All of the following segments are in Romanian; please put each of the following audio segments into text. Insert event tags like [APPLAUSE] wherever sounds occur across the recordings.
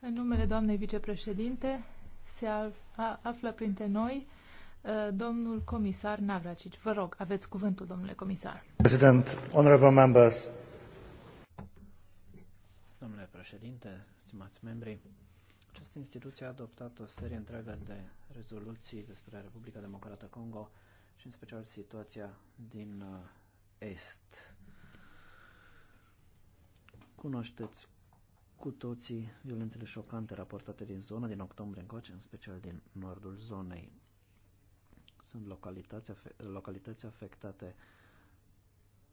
În numele doamnei vicepreședinte se află printre noi uh, domnul comisar Navracici. Vă rog, aveți cuvântul, domnule comisar. President, honorable members. Domnule președinte, stimați membri, această instituție a adoptat o serie întreagă de rezoluții despre Republica Democrată Congo și în special situația din uh, Est. Cunoașteți cu toții violențele șocante raportate din zona, din octombrie încoace, în special din nordul zonei. Sunt localități, localități afectate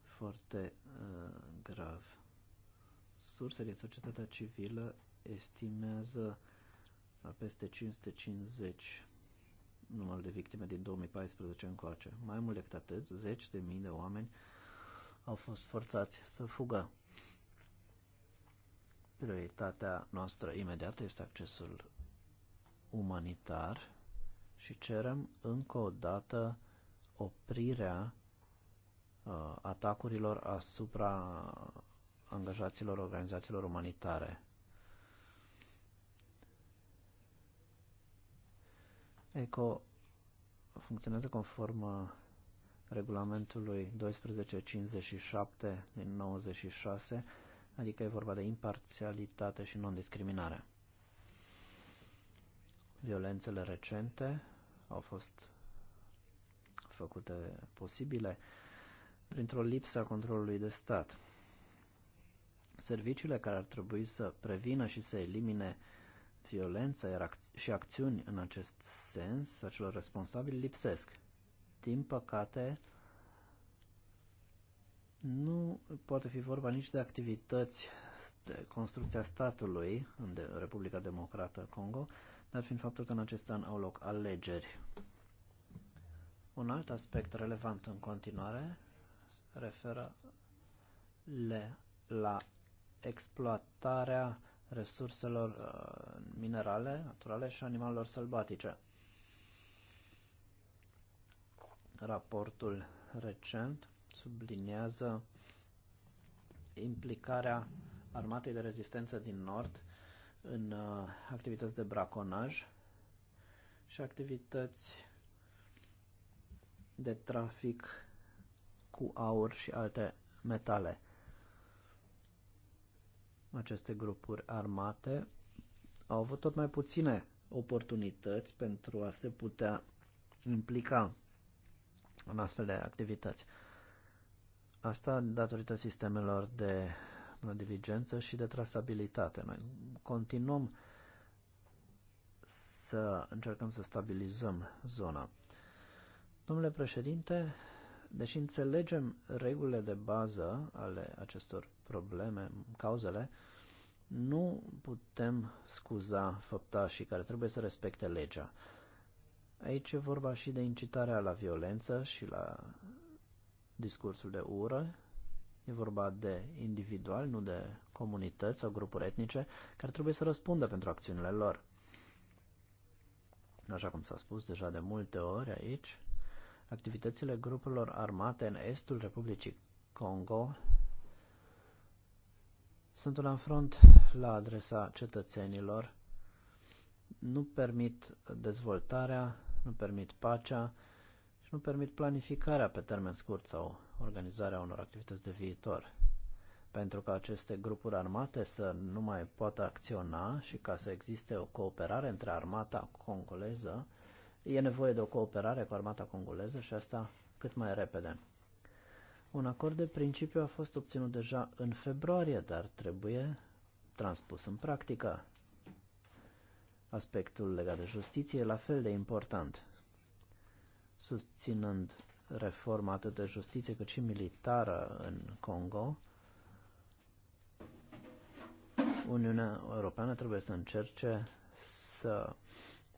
foarte uh, grav. Surse din societatea civilă estimează la peste 550 numărul de victime din 2014 încoace. Mai mult decât atât, zeci de mii de oameni au fost forțați să fugă. Prioritatea noastră imediată este accesul umanitar și cerem încă o dată oprirea uh, atacurilor asupra angajaților organizațiilor umanitare. ECO funcționează conform uh, regulamentului 1257 din 96 adică e vorba de imparțialitate și non-discriminare. Violențele recente au fost făcute posibile printr-o lipsă a controlului de stat. Serviciile care ar trebui să prevină și să elimine violența iar ac- și acțiuni în acest sens acelor responsabili lipsesc. Din păcate, nu poate fi vorba nici de activități de construcția statului în Republica Democrată Congo, dar fiind faptul că în acest an au loc alegeri. Un alt aspect relevant în continuare referă le la exploatarea resurselor uh, minerale, naturale și animalelor sălbatice. Raportul recent subliniază implicarea armatei de rezistență din Nord în uh, activități de braconaj și activități de trafic cu aur și alte metale. Aceste grupuri armate au avut tot mai puține oportunități pentru a se putea implica în astfel de activități. Asta datorită sistemelor de divigență și de trasabilitate. Noi continuăm să încercăm să stabilizăm zona. Domnule președinte, deși înțelegem regulile de bază ale acestor probleme, cauzele, nu putem scuza făptașii care trebuie să respecte legea. Aici e vorba și de incitarea la violență și la discursul de ură, e vorba de individual, nu de comunități sau grupuri etnice, care trebuie să răspundă pentru acțiunile lor. Așa cum s-a spus deja de multe ori aici, activitățile grupurilor armate în estul Republicii Congo sunt un afront la adresa cetățenilor, nu permit dezvoltarea, nu permit pacea, nu permit planificarea pe termen scurt sau organizarea unor activități de viitor. Pentru ca aceste grupuri armate să nu mai poată acționa și ca să existe o cooperare între armata congoleză, e nevoie de o cooperare cu armata congoleză și asta cât mai repede. Un acord de principiu a fost obținut deja în februarie, dar trebuie transpus în practică. Aspectul legat de justiție e la fel de important susținând reforma atât de justiție cât și militară în Congo, Uniunea Europeană trebuie să încerce să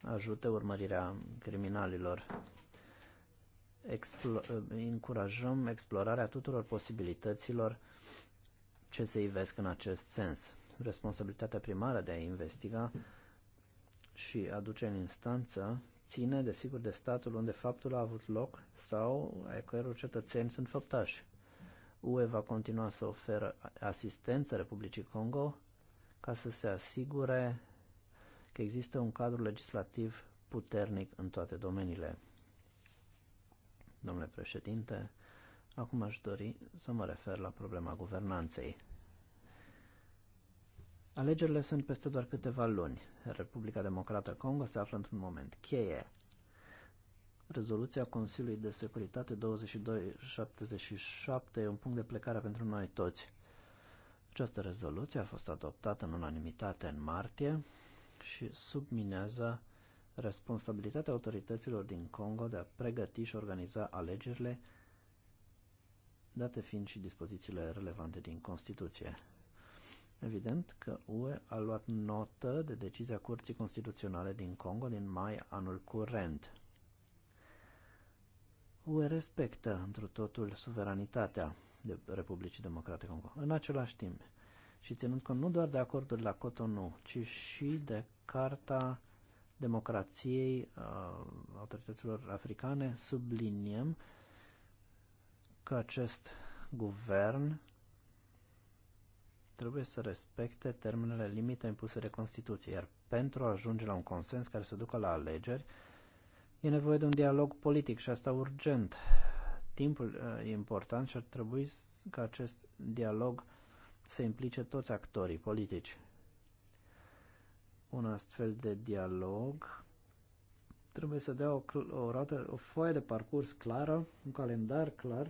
ajute urmărirea criminalilor. Explo- încurajăm explorarea tuturor posibilităților ce se ivesc în acest sens. Responsabilitatea primară de a investiga și aduce în instanță ține, desigur, de statul unde faptul a avut loc sau ai căror cetățeni sunt făptași. UE va continua să oferă asistență Republicii Congo ca să se asigure că există un cadru legislativ puternic în toate domeniile. Domnule președinte, acum aș dori să mă refer la problema guvernanței. Alegerile sunt peste doar câteva luni. Republica Democrată Congo se află într-un moment cheie. Rezoluția Consiliului de Securitate 2277 e un punct de plecare pentru noi toți. Această rezoluție a fost adoptată în unanimitate în martie și subminează responsabilitatea autorităților din Congo de a pregăti și organiza alegerile, date fiind și dispozițiile relevante din Constituție. Evident că UE a luat notă de decizia Curții Constituționale din Congo din mai anul curent. UE respectă într totul suveranitatea de Republicii Democrate Congo. În același timp, și ținând cont nu doar de acordul la Cotonou, ci și de Carta Democrației uh, Autorităților Africane, subliniem că acest guvern trebuie să respecte termenele limite impuse de Constituție, iar pentru a ajunge la un consens care să ducă la alegeri, e nevoie de un dialog politic și asta urgent. Timpul uh, e important și ar trebui ca acest dialog să implice toți actorii politici. Un astfel de dialog trebuie să dea o, o, rată, o foaie de parcurs clară, un calendar clar,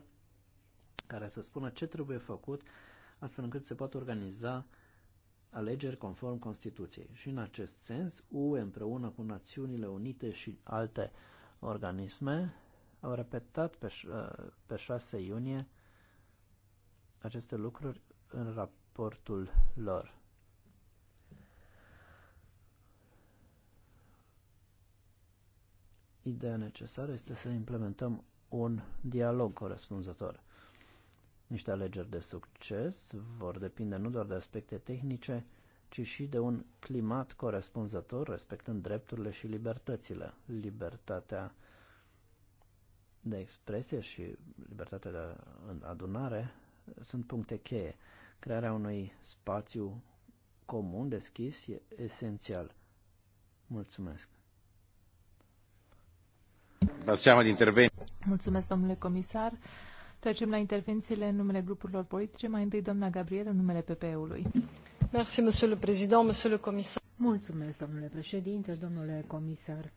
care să spună ce trebuie făcut astfel încât se poată organiza alegeri conform Constituției. Și în acest sens, UE împreună cu Națiunile Unite și alte organisme au repetat pe, uh, pe 6 iunie aceste lucruri în raportul lor. Ideea necesară este să implementăm un dialog corespunzător. Niște alegeri de succes vor depinde nu doar de aspecte tehnice, ci și de un climat corespunzător, respectând drepturile și libertățile. Libertatea de expresie și libertatea de adunare sunt puncte cheie. Crearea unui spațiu comun deschis e esențial. Mulțumesc. Mulțumesc, domnule comisar. Trecem la intervențiile în numele grupurilor politice. Mai întâi, doamna Gabriel, în numele PPE-ului. Mulțumesc, domnule președinte, domnule comisar.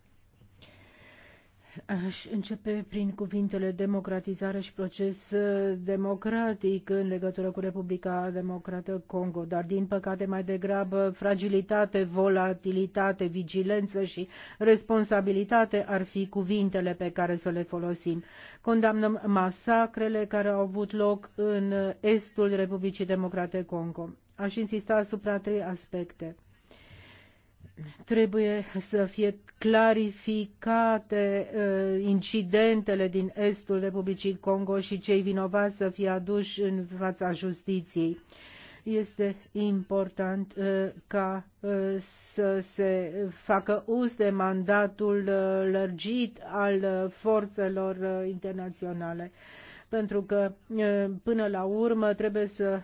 Aș începe prin cuvintele democratizare și proces uh, democratic în legătură cu Republica Democrată Congo, dar din păcate mai degrabă fragilitate, volatilitate, vigilență și responsabilitate ar fi cuvintele pe care să le folosim. Condamnăm masacrele care au avut loc în estul Republicii Democrate Congo. Aș insista asupra trei aspecte trebuie să fie clarificate uh, incidentele din estul Republicii Congo și cei vinovați să fie aduși în fața justiției. Este important uh, ca uh, să se facă uz de mandatul lărgit al forțelor internaționale pentru că până la urmă trebuie să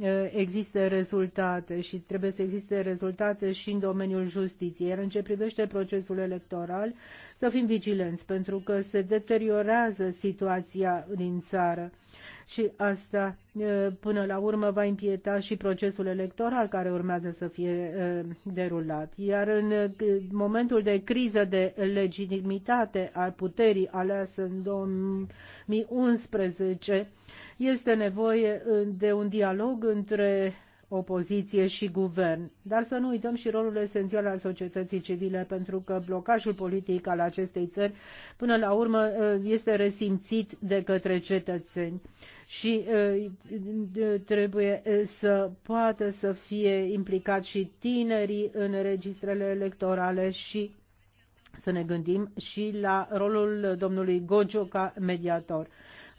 Eh, existe rezultate și trebuie să existe rezultate și în domeniul justiției. Iar în ce privește procesul electoral, să fim vigilenți, pentru că se deteriorează situația din țară. Și asta, eh, până la urmă, va impieta și procesul electoral care urmează să fie eh, derulat. Iar în momentul de criză de legitimitate al puterii aleasă în 2011, este nevoie de un dialog între opoziție și guvern. Dar să nu uităm și rolul esențial al societății civile, pentru că blocajul politic al acestei țări, până la urmă, eh, este resimțit de către cetățeni și eh, trebuie eh, să poată să fie implicați și tinerii în registrele electorale și să ne gândim și la rolul domnului Gojo ca mediator.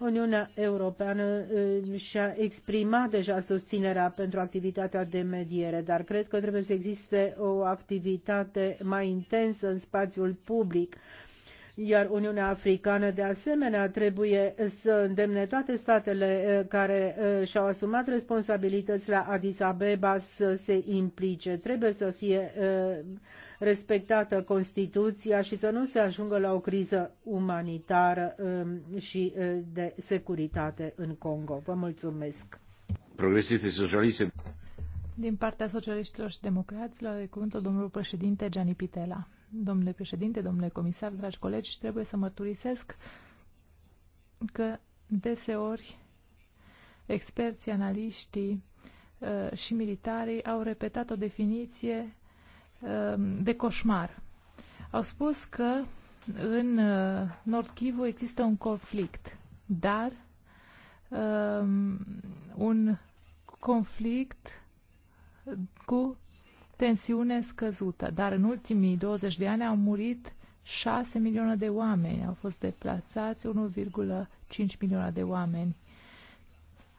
Uniunea Europeană uh, și-a exprimat deja susținerea pentru activitatea de mediere, dar cred că trebuie să existe o activitate mai intensă în spațiul public iar Uniunea Africană de asemenea trebuie să îndemne toate statele eh, care eh, și-au asumat responsabilități la Addis Abeba să se implice. Trebuie să fie eh, respectată Constituția și să nu se ajungă la o criză umanitară și de securitate în Congo. Vă mulțumesc! Progresiste socialiste. Din partea socialiștilor și democraților, are cuvântul domnul președinte Gianni Pitela domnule președinte, domnule comisar, dragi colegi, trebuie să mărturisesc că deseori experții, analiștii uh, și militarii au repetat o definiție uh, de coșmar. Au spus că în uh, Nord Kivu există un conflict, dar um, un conflict cu tensiune scăzută, dar în ultimii 20 de ani au murit 6 milioane de oameni, au fost deplasați 1,5 milioane de oameni.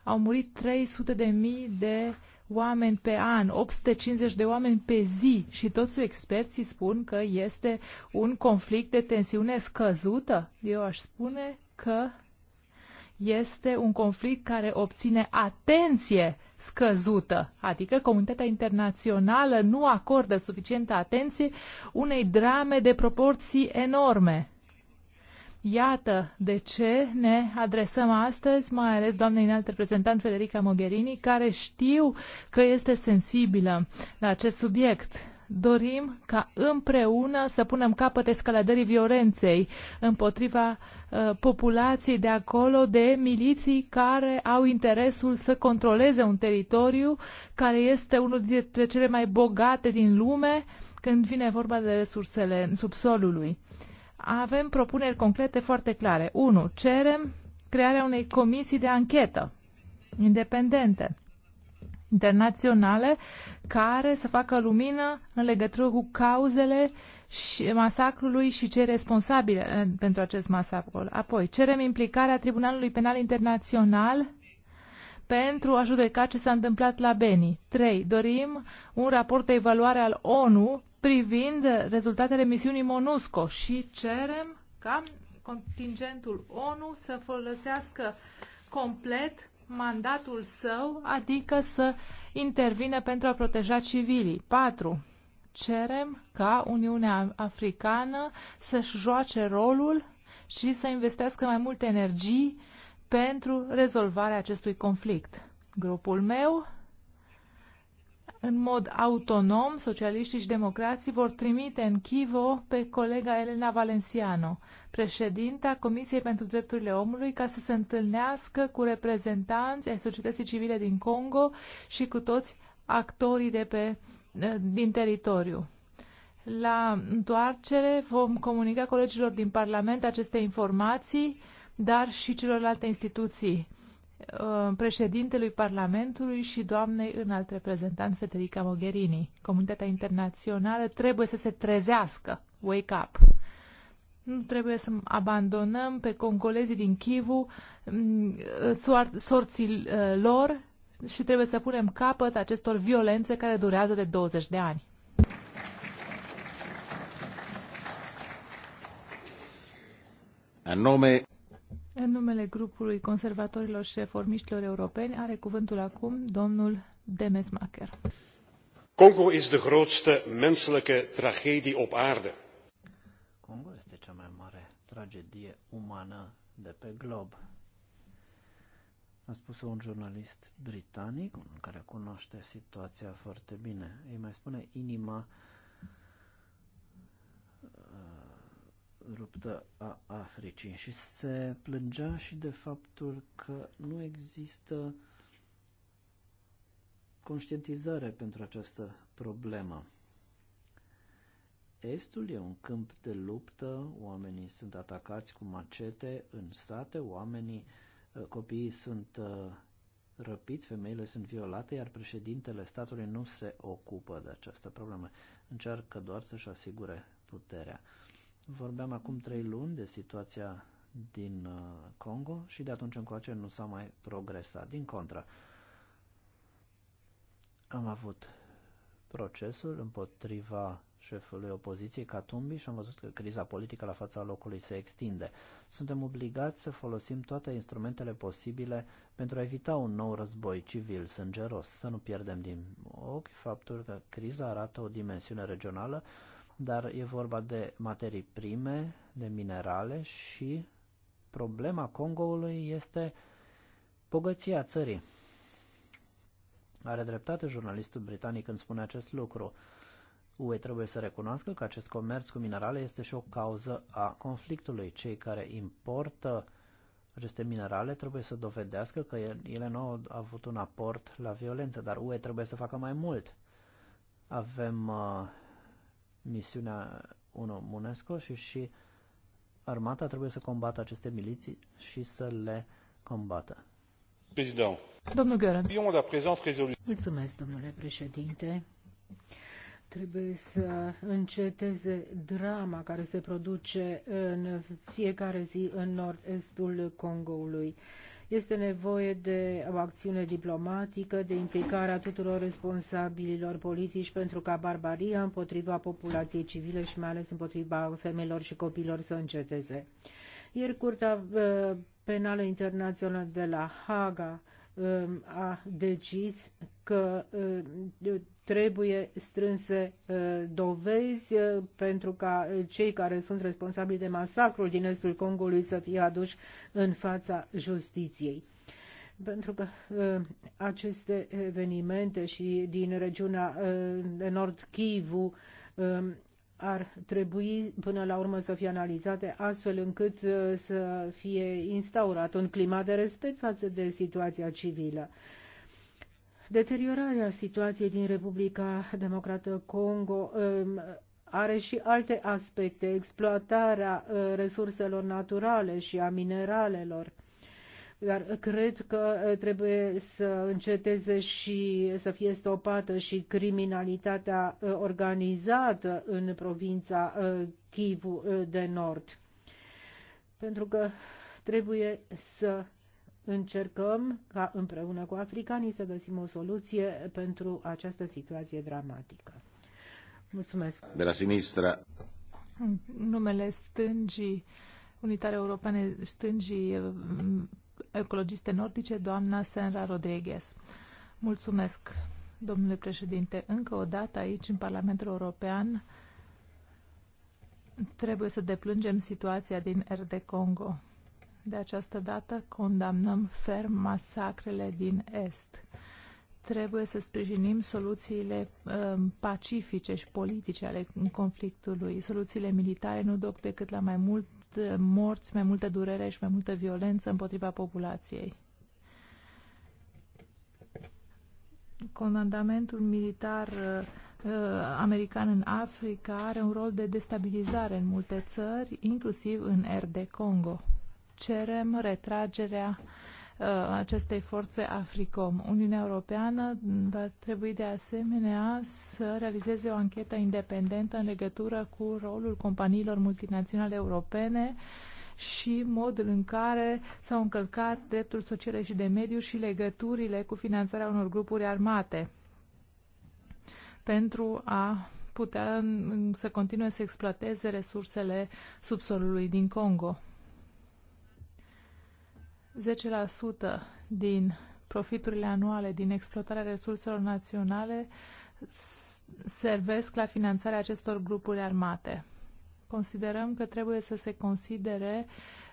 Au murit 300 de mii de oameni pe an, 850 de oameni pe zi și toți experții spun că este un conflict de tensiune scăzută. Eu aș spune că este un conflict care obține atenție scăzută, adică comunitatea internațională nu acordă suficientă atenție unei drame de proporții enorme. Iată de ce ne adresăm astăzi, mai ales doamnei înalt reprezentant Federica Mogherini, care știu că este sensibilă la acest subiect dorim ca împreună să punem capăt escaladării violenței împotriva uh, populației de acolo, de miliții care au interesul să controleze un teritoriu care este unul dintre cele mai bogate din lume când vine vorba de resursele subsolului. Avem propuneri concrete foarte clare. 1. Cerem crearea unei comisii de anchetă independente internaționale care să facă lumină în legătură cu cauzele și masacrului și cei responsabili eh, pentru acest masacru. Apoi, cerem implicarea Tribunalului Penal Internațional pentru a judeca ce s-a întâmplat la Beni. 3. Dorim un raport de evaluare al ONU privind rezultatele misiunii MONUSCO și cerem ca contingentul ONU să folosească complet mandatul său, adică să intervine pentru a proteja civilii. 4. Cerem ca Uniunea Africană să-și joace rolul și să investească mai multe energii pentru rezolvarea acestui conflict. Grupul meu, în mod autonom, socialiștii și democrații vor trimite în Chivo pe colega Elena Valenciano, președinta Comisiei pentru Drepturile Omului ca să se întâlnească cu reprezentanți ai societății civile din Congo și cu toți actorii de pe, eh, din teritoriu. La întoarcere vom comunica colegilor din Parlament aceste informații, dar și celorlalte instituții eh, președintelui Parlamentului și doamnei alt reprezentant Federica Mogherini. Comunitatea internațională trebuie să se trezească. Wake up! Nu trebuie să abandonăm pe congolezii din Kivu mm, sorții uh, lor și trebuie să punem capăt acestor violențe care durează de 20 de ani. În nume în numele grupului conservatorilor și reformiștilor europeni are cuvântul acum domnul Demesmacher. Congo is de grootste menselijke tragedie op aarde. Congo este cea mai mare tragedie umană de pe glob. A spus un jurnalist britanic, un care cunoaște situația foarte bine. Îi mai spune inima uh, ruptă a Africii și se plângea și de faptul că nu există conștientizare pentru această problemă. Estul e un câmp de luptă, oamenii sunt atacați cu macete în sate, oamenii, uh, copiii sunt uh, răpiți, femeile sunt violate, iar președintele statului nu se ocupă de această problemă. Încearcă doar să-și asigure puterea. Vorbeam acum trei luni de situația din uh, Congo și de atunci încoace nu s-a mai progresat. Din contră, am avut procesul împotriva șefului opoziției Katumbi și am văzut că criza politică la fața locului se extinde. Suntem obligați să folosim toate instrumentele posibile pentru a evita un nou război civil sângeros, să nu pierdem din ochi faptul că criza arată o dimensiune regională, dar e vorba de materii prime, de minerale și problema Congoului este bogăția țării. Are dreptate jurnalistul britanic când spune acest lucru. UE trebuie să recunoască că acest comerț cu minerale este și o cauză a conflictului. Cei care importă aceste minerale trebuie să dovedească că ele nu au avut un aport la violență, dar UE trebuie să facă mai mult. Avem uh, misiunea 1 UNESCO și și armata trebuie să combată aceste miliții și să le combată. Mulțumesc, domnule președinte. Trebuie să înceteze drama care se produce în fiecare zi în nord-estul Congoului. Este nevoie de o acțiune diplomatică, de implicarea tuturor responsabililor politici pentru ca barbaria împotriva populației civile și mai ales împotriva femeilor și copiilor să înceteze. Ieri Curtea uh, Penală Internațională de la Haga um, a decis că uh, trebuie strânse uh, dovezi pentru ca cei care sunt responsabili de masacrul din estul Congolui să fie aduși în fața justiției pentru că aceste evenimente și din regiunea de Nord Kivu um, ar trebui până la urmă să fie analizate astfel încât uh, să fie instaurat un climat de respect față de situația civilă. Deteriorarea situației din Republica Democrată Congo um, are și alte aspecte, exploatarea uh, resurselor naturale și a mineralelor dar cred că uh, trebuie să înceteze și să fie stopată și criminalitatea uh, organizată în provința uh, Kiev de Nord. Pentru că trebuie să încercăm ca împreună cu africanii să găsim o soluție pentru această situație dramatică. Mulțumesc. De la sinistra. Numele stângii, Unitare Europene stângii ecologiste nordice, doamna Senra Rodriguez. Mulțumesc, domnule președinte. Încă o dată aici, în Parlamentul European, trebuie să deplângem situația din RD Congo. De această dată condamnăm ferm masacrele din Est trebuie să sprijinim soluțiile um, pacifice și politice ale conflictului. Soluțiile militare nu duc decât la mai mult uh, morți, mai multă durere și mai multă violență împotriva populației. Comandamentul militar uh, uh, american în Africa are un rol de destabilizare în multe țări, inclusiv în R de Congo. Cerem retragerea uh, Uh, acestei forțe AFRICOM. Uniunea Europeană va trebui de asemenea să realizeze o anchetă independentă în legătură cu rolul companiilor multinaționale europene și modul în care s-au încălcat dreptul sociale și de mediu și legăturile cu finanțarea unor grupuri armate pentru a putea să continue să exploateze resursele subsolului din Congo. 10% din profiturile anuale din exploatarea resurselor naționale servesc la finanțarea acestor grupuri armate. Considerăm că trebuie să se considere,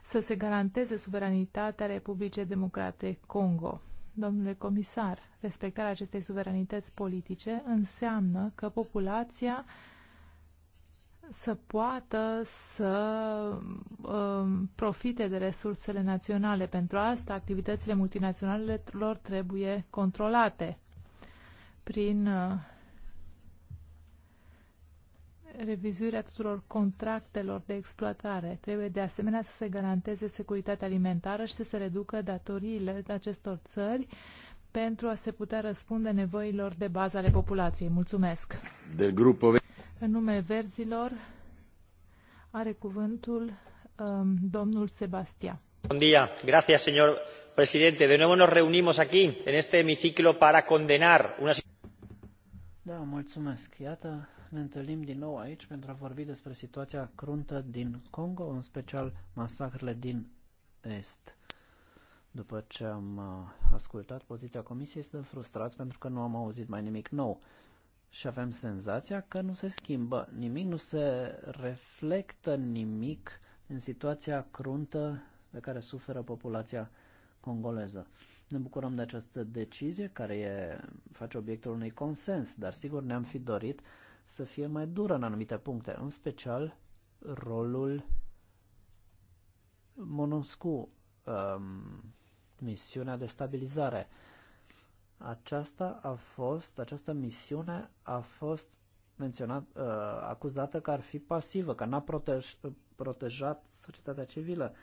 să se garanteze suveranitatea Republicii Democrate Congo. Domnule comisar, respectarea acestei suveranități politice înseamnă că populația să poată să um, profite de resursele naționale. Pentru asta, activitățile multinaționale lor trebuie controlate prin uh, revizuirea tuturor contractelor de exploatare. Trebuie de asemenea să se garanteze securitatea alimentară și să se reducă datoriile acestor țări pentru a se putea răspunde nevoilor de bază ale populației. Mulțumesc! În numele verzilor are cuvântul um, domnul Sebastian. Bun dia. Gracias, señor presidente. De nuevo nos reunimos aquí, en este hemiciclo, para condenar una... Da, mulțumesc. Iată, ne întâlnim din nou aici pentru a vorbi despre situația cruntă din Congo, în special masacrele din Est. După ce am uh, ascultat poziția Comisiei, sunt frustrați pentru că nu am auzit mai nimic nou și avem senzația că nu se schimbă nimic, nu se reflectă nimic în situația cruntă pe care suferă populația congoleză. Ne bucurăm de această decizie care e, face obiectul unui consens, dar sigur ne-am fi dorit să fie mai dură în anumite puncte, în special rolul MONUSCU, um, misiunea de stabilizare. Uh, aceasta a fost, această misiune a fost menționat, uh, acuzată că ar fi pasivă, că n-a protej, protejat societatea civilă.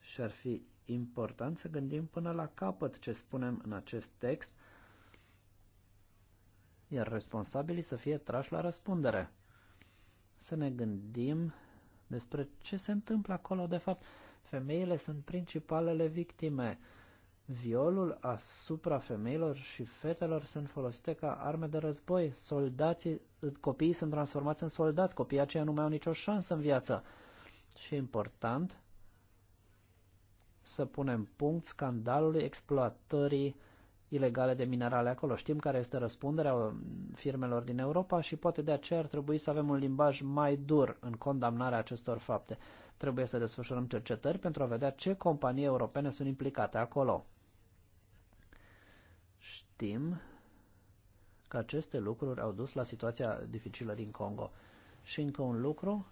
Și ar fi important să gândim până la capăt ce spunem în acest text, iar responsabilii să fie trași la răspundere. Să ne gândim despre ce se întâmplă acolo de fapt. Femeile sunt principalele victime. Uh, Violul asupra femeilor și fetelor sunt folosite ca arme de război. Soldații, copiii sunt transformați în soldați, copiii aceia nu mai au nicio șansă în viață. Și important, să punem punct scandalului exploatării ilegale de minerale acolo. Știm care este răspunderea firmelor din Europa și poate de aceea ar trebui să avem un limbaj mai dur în condamnarea acestor fapte. Trebuie să desfășurăm cercetări pentru a vedea ce companii europene sunt implicate acolo. Știm că aceste lucruri au dus la situația dificilă din Congo. Și încă un lucru,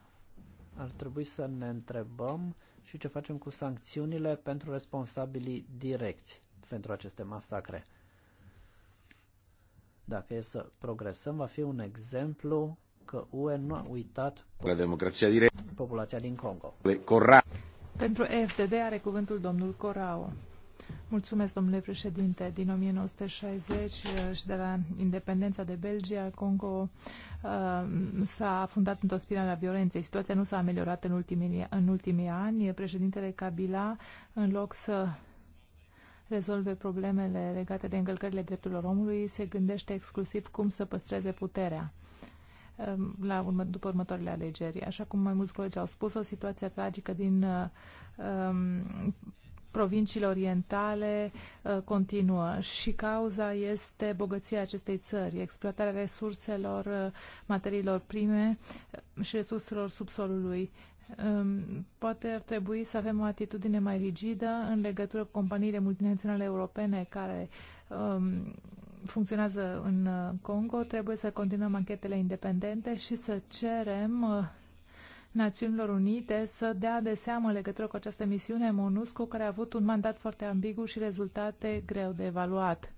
ar trebui să ne întrebăm și ce facem cu sancțiunile pentru responsabilii direcți pentru aceste masacre. Dacă e să progresăm, va fi un exemplu că UE nu a uitat la democrația direct. populația din Congo. Corra. Pentru EFTD are cuvântul domnul Corao. Mulțumesc, domnule președinte. Din 1960 uh, și de la independența de Belgia, Congo uh, s-a fundat într-o spirală a violenței. Situația nu s-a ameliorat în ultimii, în ultimii ani. Președintele Kabila, în loc să rezolve problemele legate de încălcările drepturilor omului, se gândește exclusiv cum să păstreze puterea um, la urmă, după următoarele alegeri. Așa cum mai mulți colegi au spus, o situație tragică din uh, um, provinciile orientale uh, continuă și cauza este bogăția acestei țări, exploatarea resurselor, uh, materiilor prime uh, și resurselor subsolului. Um, poate ar trebui să avem o atitudine mai rigidă în legătură cu companiile multinaționale europene care um, funcționează în Congo. Trebuie să continuăm anchetele independente și să cerem Națiunilor Unite să dea de seamă legătură cu această misiune MONUSCO, care a avut un mandat foarte ambigu și rezultate greu de evaluat.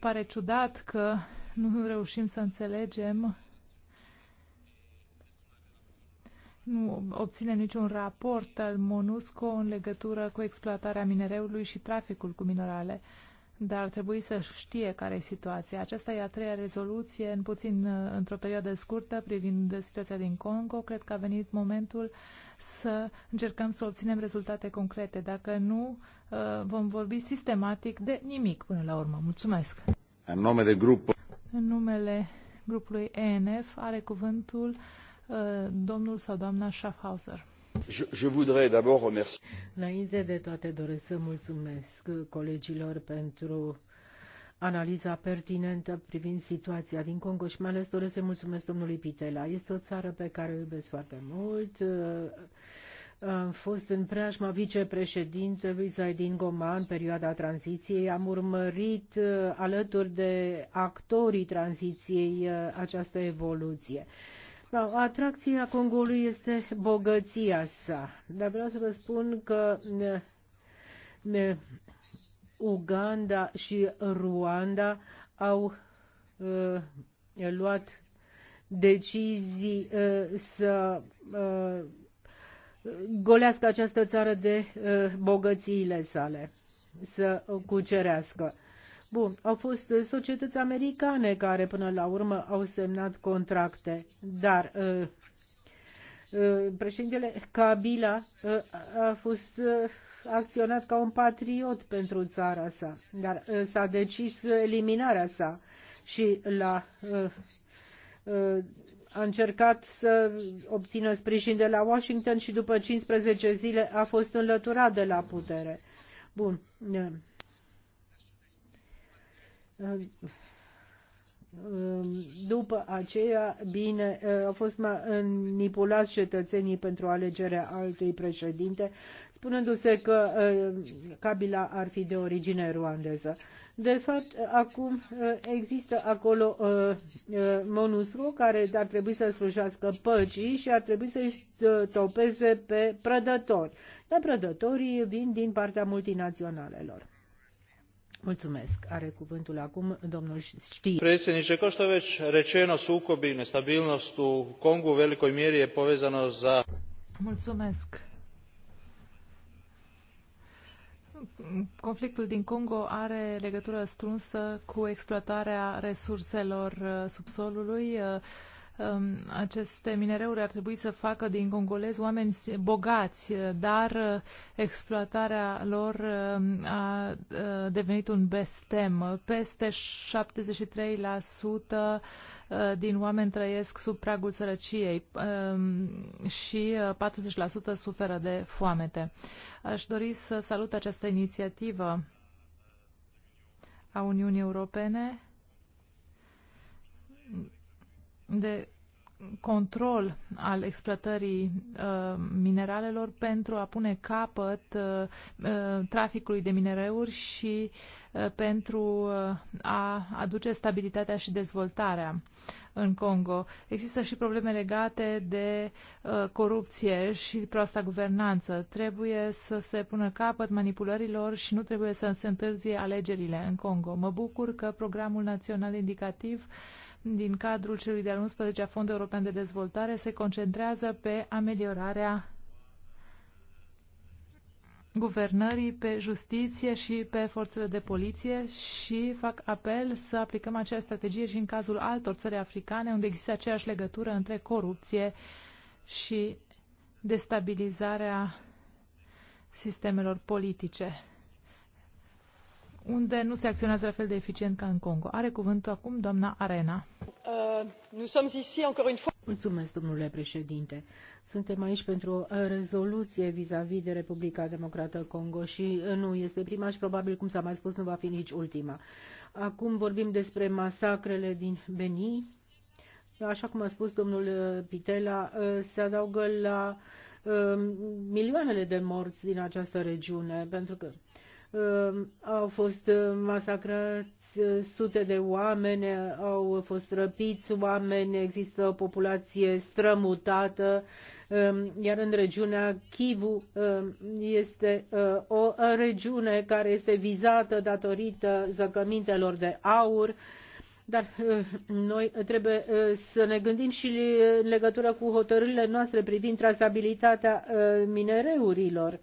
Pare ciudat că nu reușim să înțelegem nu obținem niciun raport al MONUSCO în legătură cu exploatarea minereului și traficul cu minerale dar ar trebui să știe care e situația. Aceasta e a treia rezoluție, în puțin uh, într-o perioadă scurtă, privind situația din Congo. Cred că a venit momentul să încercăm să obținem rezultate concrete. Dacă nu, uh, vom vorbi sistematic de nimic până la urmă. Mulțumesc! În nume de grup... În numele grupului ENF are cuvântul uh, domnul sau doamna Schaffhauser. Înainte de toate doresc să mulțumesc colegilor pentru analiza pertinentă privind situația din Congo și mai ales doresc să mulțumesc domnului Pitela. Este o țară pe care o iubesc foarte mult. Am fost în preajma vicepreședintelui Zaidin Goma în perioada tranziției. Am urmărit uh, alături de actorii tranziției uh, această evoluție. Da, atracția Congolului este bogăția sa, dar vreau să vă spun că ne, ne, Uganda și Ruanda au uh, luat decizii uh, să uh, golească această țară de uh, bogățiile sale, să o cucerească. Bun, au fost uh, societăți americane care până la urmă au semnat contracte, dar uh, uh, președintele Kabila uh, a fost uh, acționat ca un patriot pentru țara sa, dar uh, s-a decis eliminarea sa și la a încercat să obțină sprijin de la Washington și după 15 zile a fost înlăturat de la putere. Bun după aceea, bine, eh, au fost manipulați cetățenii pentru alegerea altui președinte, spunându-se că eh, Kabila ar fi de origine ruandeză. De fapt, acum eh, există acolo MONUSCO care ar trebui să slujească păcii și ar trebui să-i topeze pe prădători. Dar prădătorii vin din partea multinaționalelor. Mulțumesc. Are acum domnul kao to je ve reeno sukobi i nestabilnost u Kongu u velikoj mjeri je povezano za... Mulțumesc. Conflictul din Congo are legătură strânsă cu exploatarea resurselor uh, subsolului, uh, Um, aceste minereuri ar trebui să facă din congolezi oameni bogați, dar uh, exploatarea lor um, a uh, devenit un bestem. Peste 73% uh, din oameni trăiesc sub pragul sărăciei um, și 40% suferă de foamete. Aș dori să salut această inițiativă a Uniunii Europene de control al exploatării uh, mineralelor pentru a pune capăt uh, uh traficului de minereuri și uh, pentru uh, a aduce stabilitatea și dezvoltarea în Congo. Există și probleme legate de uh, corupție și proasta guvernanță. Trebuie să se pună capăt manipulărilor și nu trebuie să se întârzie alegerile în Congo. Mă bucur că programul național indicativ uh, din cadrul celui de-al 11-a Fond European de Dezvoltare se concentrează pe ameliorarea guvernării, pe justiție și pe forțele de poliție și fac apel să aplicăm această strategie și în cazul altor țări africane unde există aceeași legătură între corupție și destabilizarea sistemelor politice unde nu se acționează la fel de eficient ca în Congo. Are cuvântul acum doamna Arena. Uh, Mulțumesc, domnule președinte. Suntem aici pentru o rezoluție vis-a-vis -vis de Republica Democrată Congo și uh, nu este prima și probabil, cum s-a mai spus, nu va fi nici ultima. Acum vorbim despre masacrele din Beni. Așa cum a spus domnul uh, Pitela, se adaugă la milioanele de morți din această regiune, pentru că Uh, au fost uh, masacrați uh, sute de oameni, au fost răpiți oameni, există o populație strămutată, um, iar în regiunea Kivu um, este o regiune care este vizată datorită zăcămintelor de aur, dar noi trebuie să ne gândim și în legătură cu hotărârile noastre privind trasabilitatea minereurilor.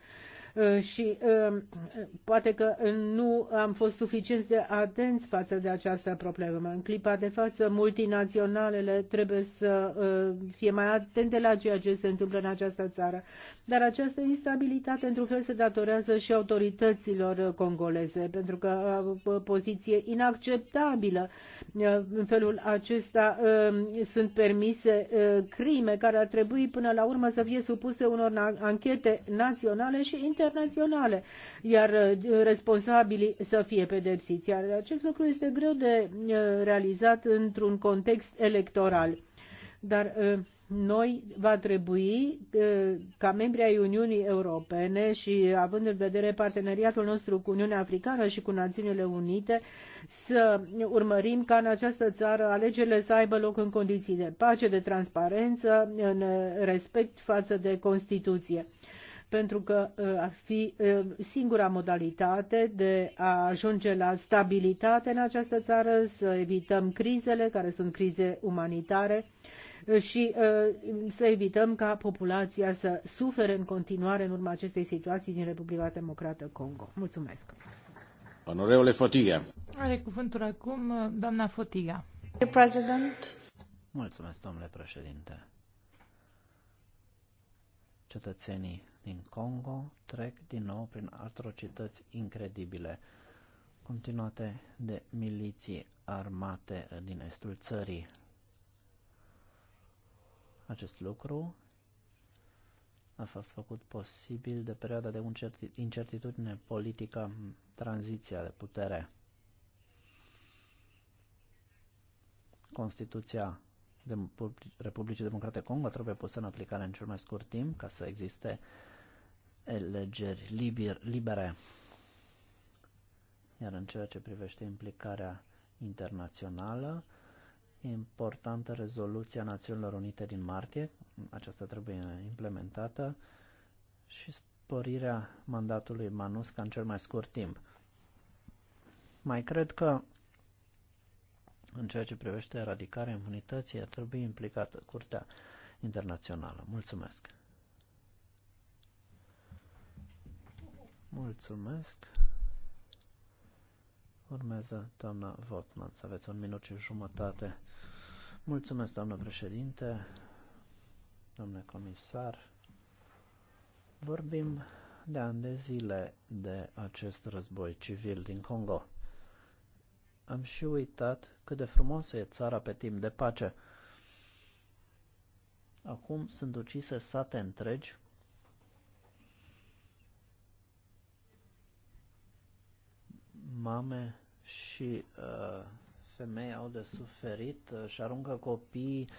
Uh, și uh, poate că nu am fost suficient de atenți față de această problemă. În clipa de față, multinaționalele trebuie să uh, fie mai atente la ceea ce se întâmplă în această țară. Dar această instabilitate, într-un fel, se datorează și autorităților congoleze, pentru că au o poziție inacceptabilă. În felul acesta sunt permise crime care ar trebui până la urmă să fie supuse unor anchete naționale și internaționale internaționale, iar uh, responsabilii să fie pedepsiți. Iar acest lucru este greu de uh, realizat într-un context electoral. Dar uh, noi va trebui ca membri ai Uniunii Europene și având în vedere parteneriatul nostru cu Uniunea Africană și cu Națiunile Unite să urmărim ca în această țară alegerile să aibă loc în condiții de pace, de transparență, în respect față de Constituție pentru că uh, ar fi uh, singura modalitate de a ajunge la stabilitate în această țară, să evităm crizele, care sunt crize umanitare, uh, și să evităm ca populația să sufere în continuare în urma acestei situații din Republica Democrată Congo. Mulțumesc! Onoreule Fotiga. Are cuvântul acum doamna Fotiga. President. Mulțumesc, domnule președinte. Cetățenii din Congo trec din nou prin atrocități incredibile continuate de miliții armate din estul țării. Acest lucru a fost făcut posibil de perioada de incertitudine politică, tranziția de putere. Constituția Republicii Democrate Congo trebuie pusă în aplicare în cel mai scurt timp ca să existe elegeri liber, libere. Iar în ceea ce privește implicarea internațională, importantă rezoluția Națiunilor Unite din martie, aceasta trebuie implementată, și sporirea mandatului Manusca în cel mai scurt timp. Mai cred că în ceea ce privește eradicarea imunității, ar trebui implicată Curtea Internațională. Mulțumesc! Mulțumesc. Urmează doamna Votman, să aveți un minut și jumătate. Mulțumesc, doamnă președinte, domnule comisar. Vorbim de ani de zile de acest război civil din Congo. Am și uitat cât de frumoasă e țara pe timp de pace. Acum sunt ucise sate întregi mame și uh, femei au de suferit uh, și aruncă copii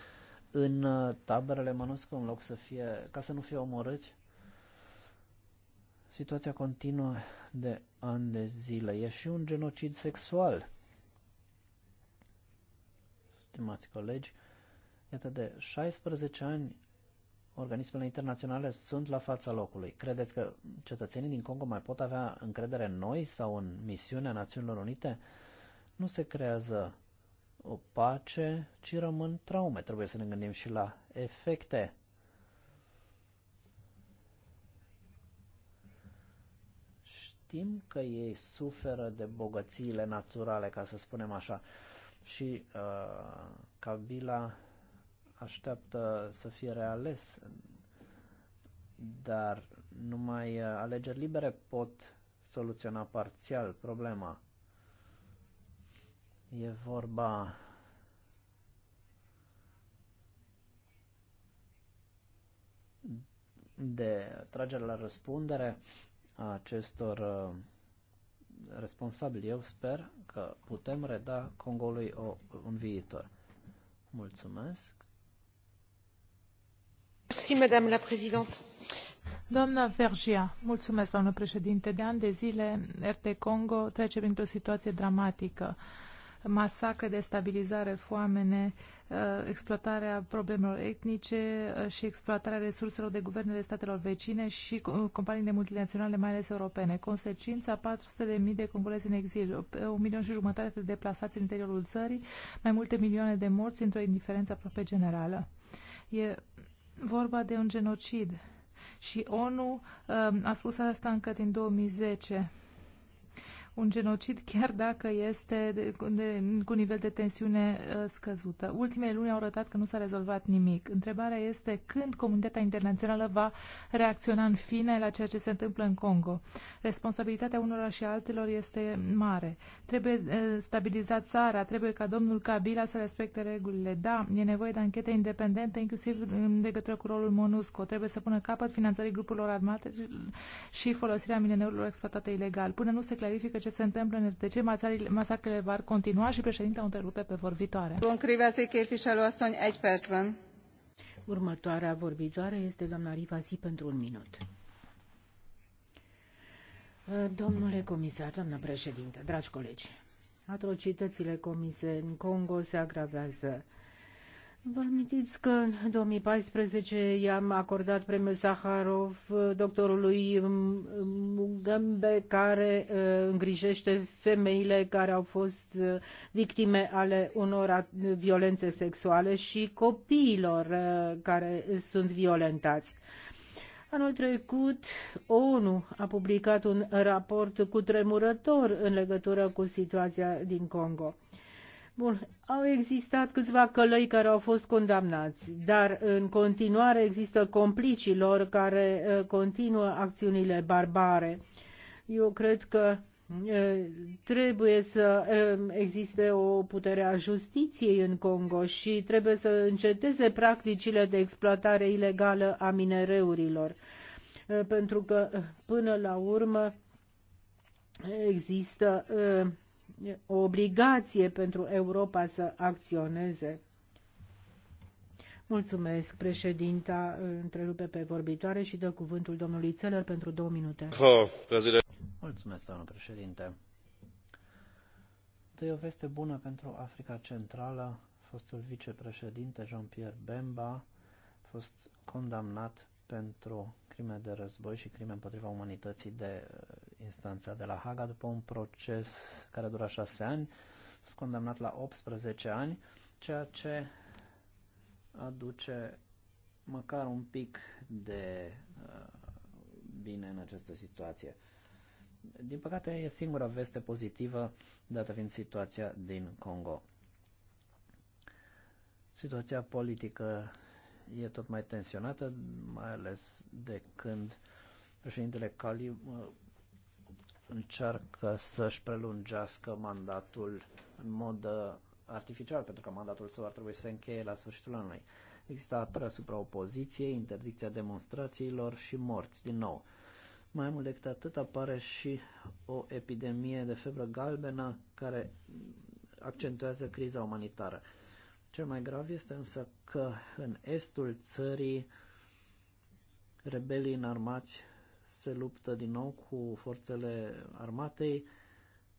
în uh, taberele mănuscă în loc să fie, ca să nu fie omorâți. Situația continuă de ani de zile. E și un genocid sexual. Stimați colegi, iată de 16 ani organismele internaționale sunt la fața locului. Credeți că cetățenii din Congo mai pot avea încredere în noi sau în misiunea Națiunilor Unite? Nu se creează o pace, ci rămân traume. Trebuie să ne gândim și la efecte. Știm că ei suferă de bogățiile naturale, ca să spunem așa. Și uh, Kabila așteaptă să fie reales, dar numai uh, alegeri libere pot soluționa parțial problema. E vorba de tragere la răspundere a acestor uh, responsabili. Eu sper că putem reda Congolului o, un viitor. Mulțumesc! Doamnă Vergiat, mulțumesc, doamnă președinte. De ani de zile, RT Congo trece printr-o situație dramatică. Masacre, destabilizare, foamene, uh, exploatarea problemelor etnice uh, și exploatarea resurselor de guvernele statelor vecine și uh, companiile multinaționale, mai ales europene. Consecința, sute de congolezi în exil, un milion și jumătate de deplasați în interiorul țării, mai multe milioane de morți într-o indiferență aproape generală. E vorba de un genocid și ONU um, a spus asta încă din 2010 un genocid, chiar dacă este de, de, cu nivel de tensiune uh, scăzută. Ultimele luni au arătat că nu s-a rezolvat nimic. Întrebarea este când comunitatea internațională va reacționa în fine la ceea ce se întâmplă în Congo. Responsabilitatea unora și altelor este mare. Trebuie uh, stabilizat țara, trebuie ca domnul Kabila să respecte regulile. Da, e nevoie de anchete independente, inclusiv în legătură cu rolul MONUSCO. Trebuie să pună capăt finanțării grupurilor armate și folosirea minereurilor exploatate ilegal. Până nu se clarifică ce ce se întâmplă, în RTC, masacrele vor continua și președintele o întrerupe pe vorbitoare. Următoarea vorbitoare este doamna Zi pentru un minut. Ă, domnule comisar, doamnă președinte, dragi colegi, atrocitățile comise în Congo se agravează Vă amintiți că în 2014 i-am acordat premiul Saharov uh, doctorului Mugambe care uh, îngrijește femeile care au fost uh, victime ale unor violențe sexuale și copiilor care sunt violentați. Anul trecut, ONU a publicat un raport cutremurător în legătură cu situația din Congo. Bun, au existat câțiva călăi care au fost condamnați, dar în continuare există complicilor care uh, continuă acțiunile barbare. Eu cred că uh, trebuie să uh, existe o putere a justiției în Congo și trebuie să înceteze practicile de exploatare ilegală a minereurilor. Pentru că, până la urmă, există o obligație pentru Europa să acționeze. Mulțumesc, președinta, întrerupe pe vorbitoare și dă cuvântul domnului Țeler pentru două minute. Oh, Mulțumesc, doamnă președinte. Întâi o veste bună pentru Africa Centrală. Fostul vicepreședinte Jean-Pierre Bemba a fost condamnat pentru crime de război și crime împotriva umanității de uh, instanța de la Haga după un proces care dura șase ani, fost condamnat la 18 ani, ceea ce aduce măcar un pic de uh, bine în această situație. Din păcate, e singura veste pozitivă, dată fiind situația din Congo. Situația politică e tot mai tensionată, mai ales de când președintele Cali uh, încearcă să-și prelungească mandatul în mod uh, artificial, pentru că mandatul său ar trebui să se încheie la sfârșitul anului. Există atât asupra opoziției, interdicția demonstrațiilor și morți, din nou. Mai mult decât atât apare și o epidemie de febră galbenă care accentuează criza umanitară. Cel mai grav este însă că în estul țării rebelii înarmați se luptă din nou cu forțele armatei,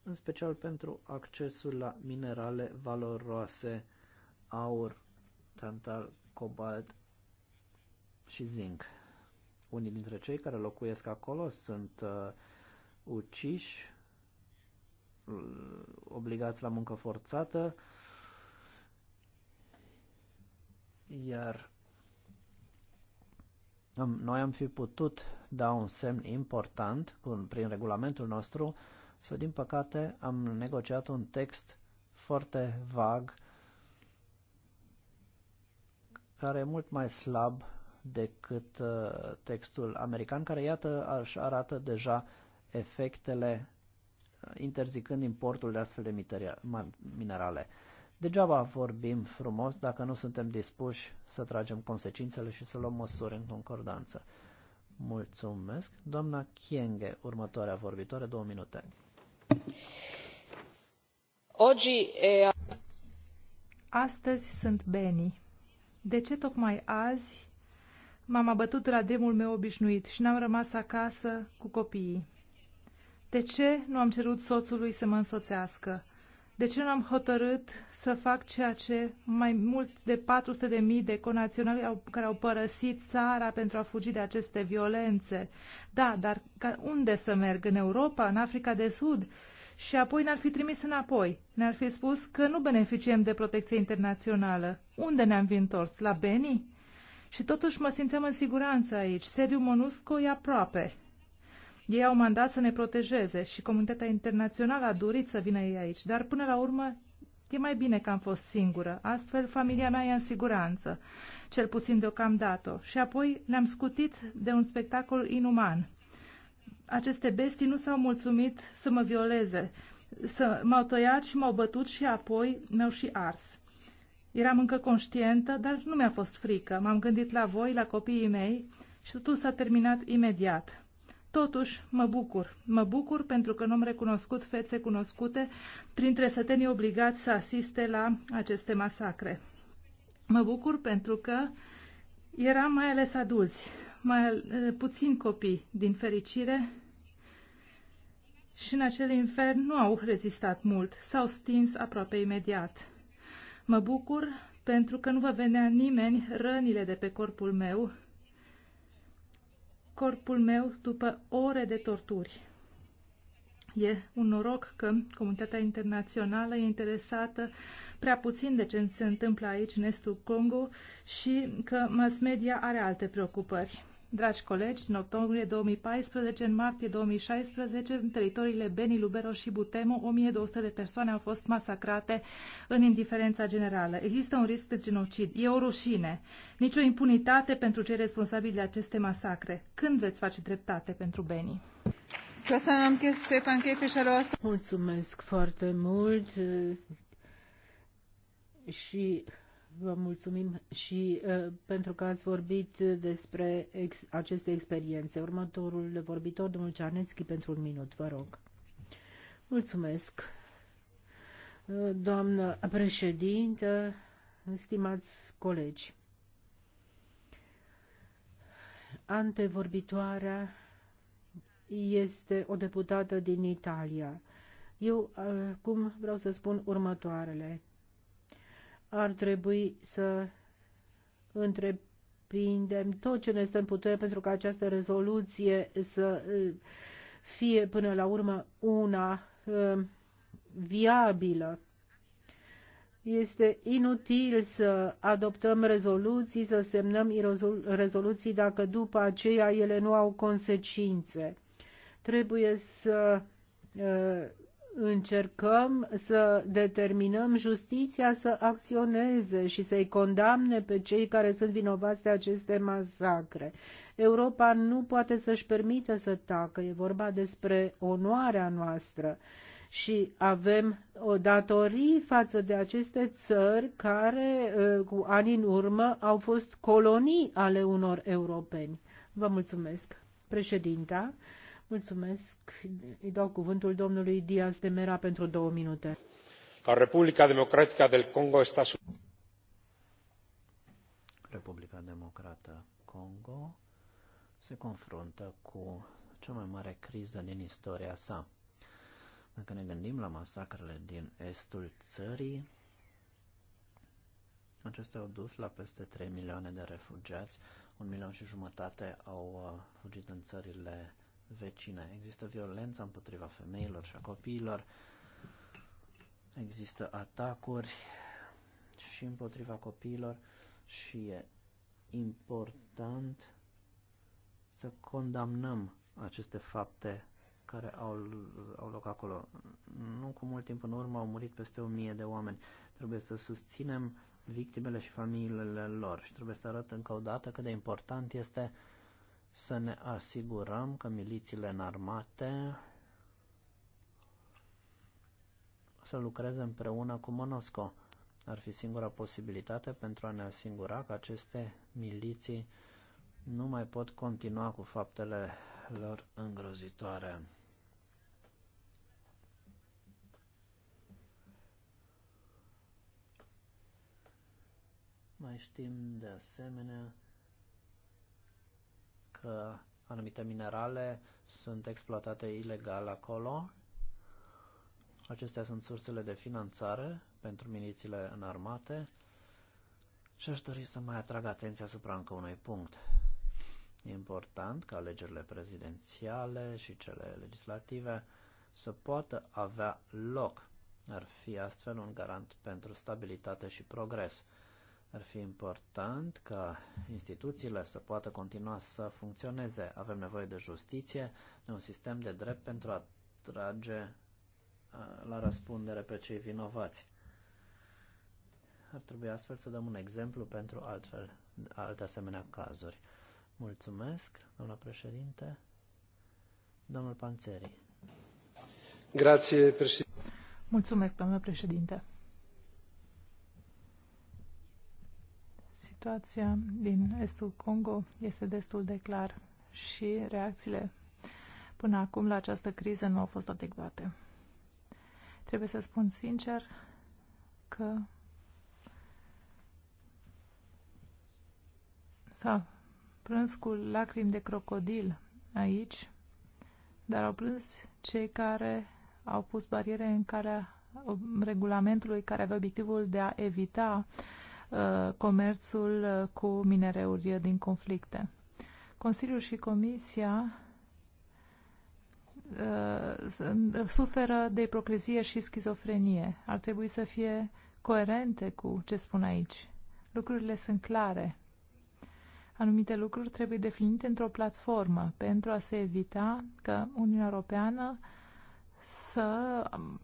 în special pentru accesul la minerale valoroase, aur, tantal, cobalt și zinc. Unii dintre cei care locuiesc acolo sunt uh, uciși, obligați la muncă forțată, uh, iar noi am fi putut da un semn important prin regulamentul nostru, să din păcate am negociat un text foarte vag care e mult mai slab decât uh, textul american, care iată aș arată deja efectele uh, interzicând importul de astfel de minerale. Degeaba vorbim frumos dacă nu suntem dispuși să tragem consecințele și să luăm măsuri în concordanță. Mulțumesc. Doamna Chienghe, următoarea vorbitoare, două minute. Astăzi sunt Beni. De ce tocmai azi m-am abătut la drumul meu obișnuit și n-am rămas acasă cu copiii? De ce nu am cerut soțului să mă însoțească? De ce nu am hotărât să fac ceea ce mai mult de 400.000 de conaționali au, care au părăsit țara pentru a fugi de aceste violențe? Da, dar ca, unde să merg? În Europa? În Africa de Sud? Și apoi ne-ar fi trimis înapoi. Ne-ar fi spus că nu beneficiem de protecție internațională. Unde ne-am fi întors? La Beni? Și totuși mă simțeam în siguranță aici. Sediul Monusco e aproape. Ei au mandat să ne protejeze și comunitatea internațională a dorit să vină ei aici, dar până la urmă e mai bine că am fost singură. Astfel, familia mea e în siguranță, cel puțin deocamdată. Și apoi ne-am scutit de un spectacol inuman. Aceste bestii nu s-au mulțumit să mă violeze. Să, m-au tăiat și m-au bătut și apoi mi-au și ars. Eram încă conștientă, dar nu mi-a fost frică. M-am gândit la voi, la copiii mei și totul s-a terminat imediat. Totuși, mă bucur. Mă bucur pentru că n-am recunoscut fețe cunoscute printre sătenii obligați să asiste la aceste masacre. Mă bucur pentru că eram mai ales adulți, mai puțin copii, din fericire, și în acel infern nu au rezistat mult, s-au stins aproape imediat. Mă bucur pentru că nu va venea nimeni rănile de pe corpul meu, corpul meu după ore de torturi. E un noroc că comunitatea internațională e interesată prea puțin de ce se întâmplă aici, în estul Congo, și că mass media are alte preocupări. Dragi colegi, în octombrie 2014, în martie 2016, în teritoriile Beni, Lubero și Butemo, 1200 de persoane au fost masacrate în indiferența generală. Există un risc de genocid. E o rușine. Nici o impunitate pentru cei responsabili de aceste masacre. Când veți face dreptate pentru Beni? Mulțumesc foarte mult și vă mulțumim și uh, pentru că ați vorbit despre ex- aceste experiențe. Următorul vorbitor, domnul Cernețchi, pentru un minut, vă rog. Mulțumesc. Uh, doamnă președintă, stimați colegi, antevorbitoarea este o deputată din Italia. Eu acum uh, vreau să spun următoarele ar trebui să întreprindem tot ce ne stă în putere pentru ca această rezoluție să uh, fie până la urmă una uh, viabilă. Este inutil să adoptăm rezoluții, să semnăm rezoluții dacă după aceea ele nu au consecințe. Trebuie să uh, încercăm să determinăm justiția să acționeze și să-i condamne pe cei care sunt vinovați de aceste masacre. Europa nu poate să-și permită să tacă, e vorba despre onoarea noastră și avem o datorie față de aceste țări care ă, cu ani în urmă au fost colonii ale unor europeni. Vă mulțumesc, președinta. Mulțumesc. Îi dau cuvântul domnului Diaz de Mera pentru două minute. Republica Democratică del Congo Republica Democrată Congo se confruntă cu cea mai mare criză din istoria sa. Dacă ne gândim la masacrele din estul țării, acestea au dus la peste 3 milioane de refugiați, un milion și jumătate au uh, fugit în țările vecină. Există violență împotriva femeilor și a copiilor, există atacuri și împotriva copiilor și e important să condamnăm aceste fapte care au, au loc acolo. Nu cu mult timp în urmă au murit peste o mie de oameni. Trebuie să susținem victimele și familiile lor și trebuie să arăt încă o dată cât de important este uh, să ne asigurăm că milițiile înarmate să lucreze împreună cu Monosco. Ar fi singura posibilitate pentru a ne asigura că aceste miliții nu mai pot continua cu faptele lor îngrozitoare. Mai știm de asemenea că anumite minerale sunt exploatate ilegal acolo. Acestea sunt sursele de finanțare pentru milițiile înarmate și aș dori să mai atrag atenția asupra încă unui punct. E important ca alegerile prezidențiale și cele legislative să poată avea loc. Ar fi astfel un garant pentru stabilitate și progres. Ar fi important ca instituțiile să poată continua să funcționeze. Avem nevoie de justiție, de un sistem de drept pentru a trage la răspundere pe cei vinovați. Ar trebui astfel să dăm un exemplu pentru altfel, alte asemenea cazuri. Mulțumesc, doamna președinte. Domnul Panțeri. Grație, președinte. Mulțumesc, doamnă președinte. Situația din estul Congo este destul de clar și reacțiile până acum la această criză nu au fost adecvate. Trebuie să spun sincer că s-a plâns cu lacrimi de crocodil aici, dar au plâns cei care au pus bariere în calea regulamentului care avea obiectivul de a evita uh, Uh, comerțul uh, cu minereuri din conflicte. Consiliul și Comisia uh, suferă de ipocrizie și schizofrenie. Ar trebui să fie coerente cu ce spun aici. Lucrurile sunt clare. Anumite lucruri trebuie definite într-o platformă pentru a se evita că Uniunea Europeană uh, să um,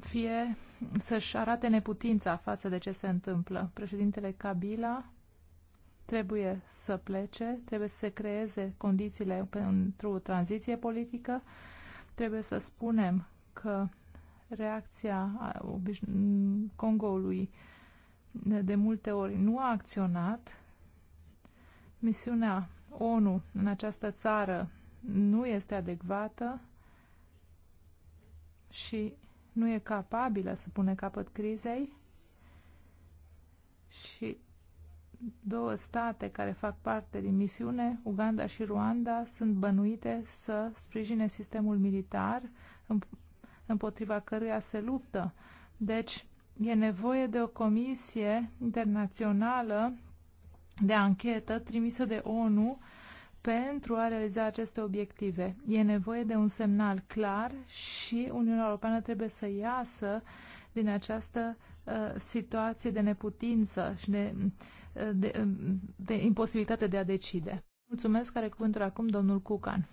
fie, să-și arate neputința față de ce se întâmplă. Președintele Kabila trebuie să plece, trebuie să se creeze condițiile pentru o tranziție politică, trebuie să spunem că reacția Congoului de multe ori nu a acționat. Misiunea ONU în această țară nu este adecvată și nu e capabilă să pune capăt crizei și două state care fac parte din misiune, Uganda și Ruanda, sunt bănuite să sprijine sistemul militar împotriva căruia se luptă. Deci, e nevoie de o comisie internațională de anchetă trimisă de ONU pentru a realiza aceste obiective. E nevoie de un semnal clar și Uniunea Europeană trebuie să iasă din această uh, situație de neputință și de, uh, de, uh, de imposibilitate de a decide. Mulțumesc, care cuvântul acum domnul Cucan.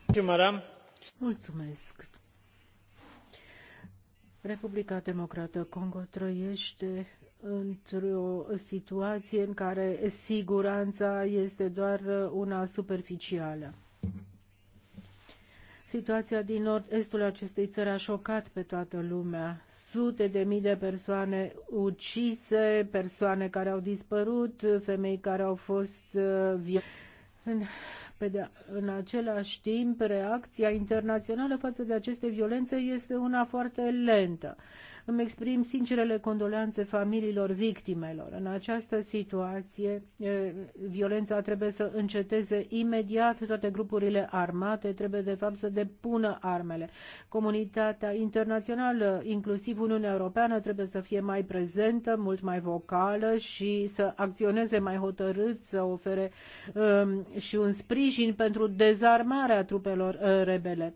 Mulțumesc. Republica Democrată Congo trăiește într-o situație în care siguranța este doar una superficială. Situația din nord-estul acestei țări a șocat pe toată lumea. Sute de mii de persoane ucise, persoane care au dispărut, femei care au fost uh, violate. Pe de, în același timp, reacția internațională față de aceste violențe este una foarte lentă. Îmi exprim sincerele condoleanțe familiilor victimelor. În această situație, violența trebuie să înceteze imediat. Toate grupurile armate trebuie, de fapt, să depună armele. Comunitatea internațională, inclusiv Uniunea Europeană, trebuie să fie mai prezentă, mult mai vocală și să acționeze mai hotărât, să ofere um, și un sprijin pentru dezarmarea trupelor uh, rebele.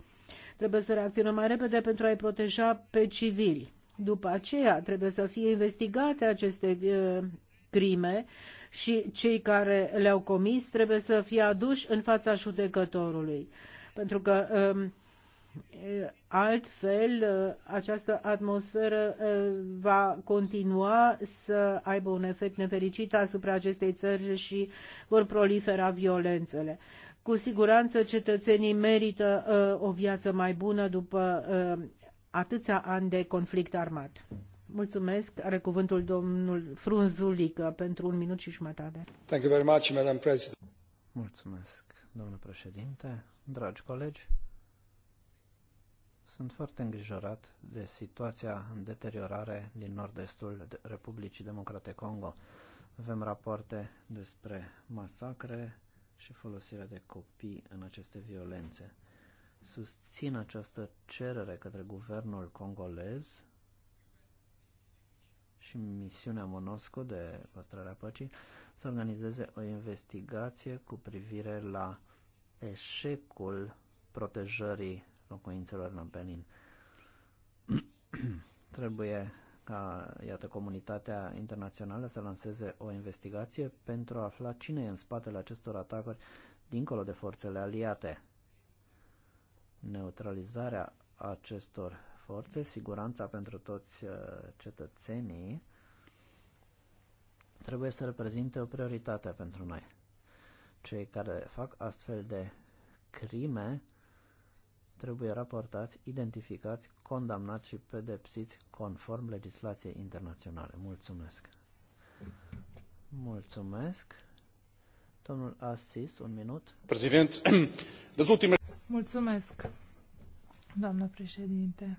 Trebuie să reacționăm mai repede pentru a-i proteja pe civili. După aceea trebuie să fie investigate aceste uh, crime și cei care le-au comis trebuie să fie aduși în fața judecătorului. Pentru că um, altfel uh, această atmosferă uh, va continua să aibă un efect nefericit asupra acestei țări și vor prolifera violențele. Cu siguranță cetățenii merită o viață mai bună după atâția ani de conflict armat. Mulțumesc. Are cuvântul domnul Frunzulică pentru un minut și jumătate. Thank you very much, Madam President. Mulțumesc, domnule președinte, dragi colegi. Sunt foarte îngrijorat de situația în deteriorare din nord-estul Republicii Democrate Congo. Avem rapoarte despre masacre și folosirea de copii în aceste violențe susțin această cerere către guvernul congolez și misiunea MONOSCO de păstrarea păcii să organizeze o investigație cu privire la eșecul protejării locuințelor în Benin. [CLEARS THROAT] Trebuie ca, iată, comunitatea internațională să lanseze o investigație pentru a afla cine e în spatele acestor atacuri dincolo de forțele aliate neutralizarea acestor forțe, siguranța pentru toți uh, cetățenii, trebuie să reprezinte o prioritate pentru noi. Cei care fac astfel de crime trebuie raportați, identificați, condamnați și pedepsiți conform legislației internaționale. Mulțumesc! Mulțumesc! Domnul Asis, un minut. Președinte, [CLEARS THROAT] ultime... Mulțumesc, doamnă președinte.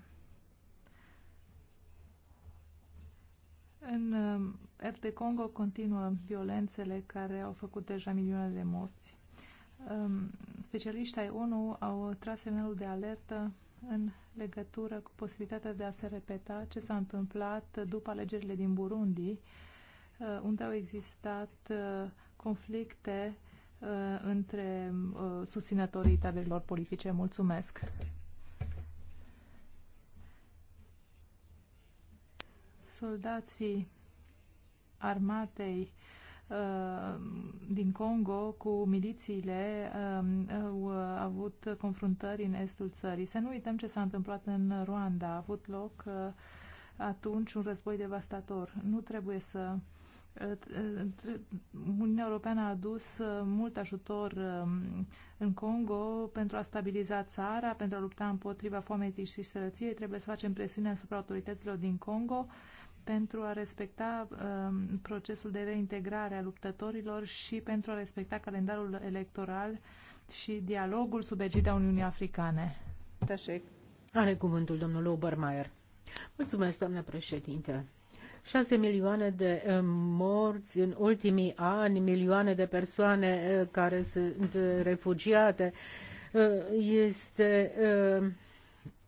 În uh, RT Congo continuă violențele care au făcut deja milioane de morți. Um, specialiștii ai ONU au tras semnalul de alertă în legătură cu posibilitatea de a se repeta ce s-a întâmplat după alegerile din Burundi, uh, unde au existat uh, conflicte Uh, între uh, susținătorii taberilor politice. Mulțumesc! Soldații armatei uh, din Congo cu milițiile um, au avut confruntări în estul țării. Să nu uităm ce s-a întâmplat în Rwanda. A avut loc atunci un război devastator. Nu trebuie să Uniunea Europeană a adus uh, mult ajutor um, în Congo pentru a stabiliza țara, pentru a lupta împotriva foametei și sărăției. Trebuie să facem presiune asupra autorităților din Congo pentru a respecta um, procesul de reintegrare a luptătorilor și pentru a respecta calendarul electoral și dialogul sub egida Uniunii Africane. Are cuvântul domnul Obermeier. Mulțumesc, doamnă președinte. 6 milioane de eh, morți în ultimii ani, milioane de persoane eh, care sunt eh, refugiate. Este